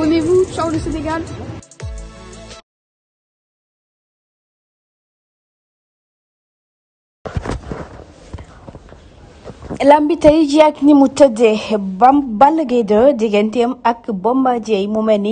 Abonnez-vous, ciao ni mu tëddee bam Balla Gaye 2 digganteem ak Bombardier mu mel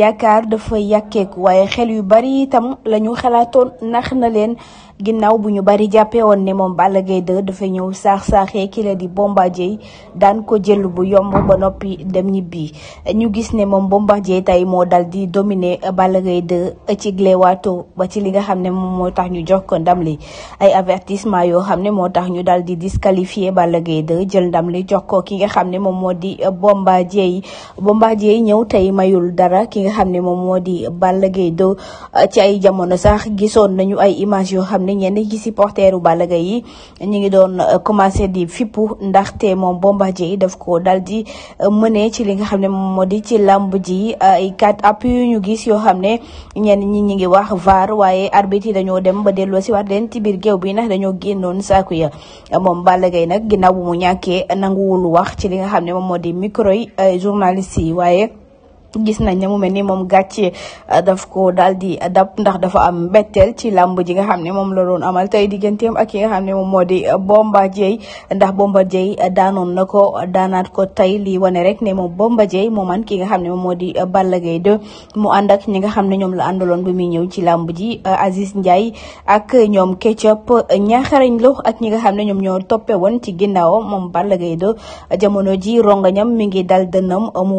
yaakaar dafa yàkkeeku waaye xel yu bari itam lañu xalaatoon nax na leen ginnaaw bu ñu bari jàppee woon ne moom Balla Gaye 2 dafa ñëw saax-saaxee ki la di Bombardier daan ko jël bu yomb ba noppi dem ñibbi ñu gis ne moom Bombardier tey moo dal di dominer Balla Gaye 2 ba ci li nga xam ne moom moo tax ñu jox ko ndam li ay avertissement yoo xam ne moo tax ñu dal di disqualifier Balla jël ndam li jox ko ki nga xam ne moom moo di Bombardier yi Bombardier ñëw tey mayul dara ki nga xam ne moom moo di Balla Gaye 2 ci ay jamono sax gisoon nañu ay image yoo xam ni ñenn gi supporteru Balla Gaye yi ñu ngi doon euh, commencé di fippu ndaxte moom Bombardier yi def ko dal di euh, mëne ci li nga xam ne moom moo di ci làmb ji ay quatre appui yu ñu gis yoo xam ne ñenn ñi ñu ngi wax VAR waaye arbitre yi dañoo dem ba delloo si waat leen ci biir géew bi ndax dañoo génnoon saaku ya moom Balla yi nag ginnaaw bu mu nanguwul wax ci li nga xam ne moom moo di micro yi yi waaye gis nañ ne mu mel ni moom gàcce euh, daf ko daal di euh, dab ndax dafa am mbetteel ci làmb ji nga xam ne moom la doon amal tey digganteem ak ki nga xam ne moom moo di euh, Bombardier ndax Bombardier daanoon na ko daanaat ko tey lii wane rek ne moom Bombardier moo man ki nga xam ne moom moo di Balla de mu ànd ak ñi nga xam ne ñoom la àndaloon bi muy ñëw ci làmb ji Aziz Ndiaye ak ñoom Ketchup ñaaxarañ lu ak ñi nga xam ne ñoom ñoo toppe woon ci ginnaawam moom Balla Gaye 2 jamono ji rongañam mi ngi dal mu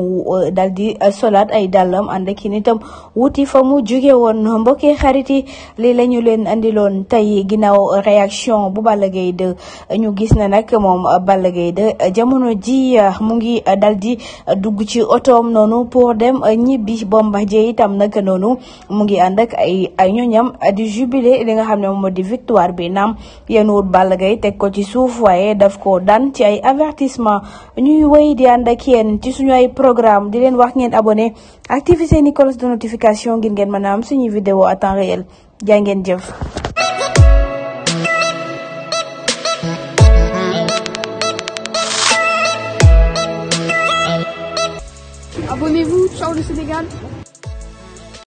dal di solaat ay dàllam ànd ak nitam wuti fa mu jóge woon mbokki xarit yi lii la ñu leen andiloon tey ginnaaw réaction bu Balla Gaye 2 ñu gis na nag moom Balla Gaye 2 jamono ji mu ngi dal di dugg ci otoom noonu pour dem ñibbi Bombardier itam nag noonu mu ngi ànd ak ay ay ñoñam di jubilé li nga xam ne moom moo di victoire bi nam yen wut Balla gay teg ko ci suuf waaye daf ko daan ci ay avertissement ñuy wéy di ànd ci suñu ay programme di leen abonné activer seeni cloche de notification ngir ngeen mën a am suñuy vidéo à temps réel jangeen jëf. Abonnez-vous, ciao le Sénégal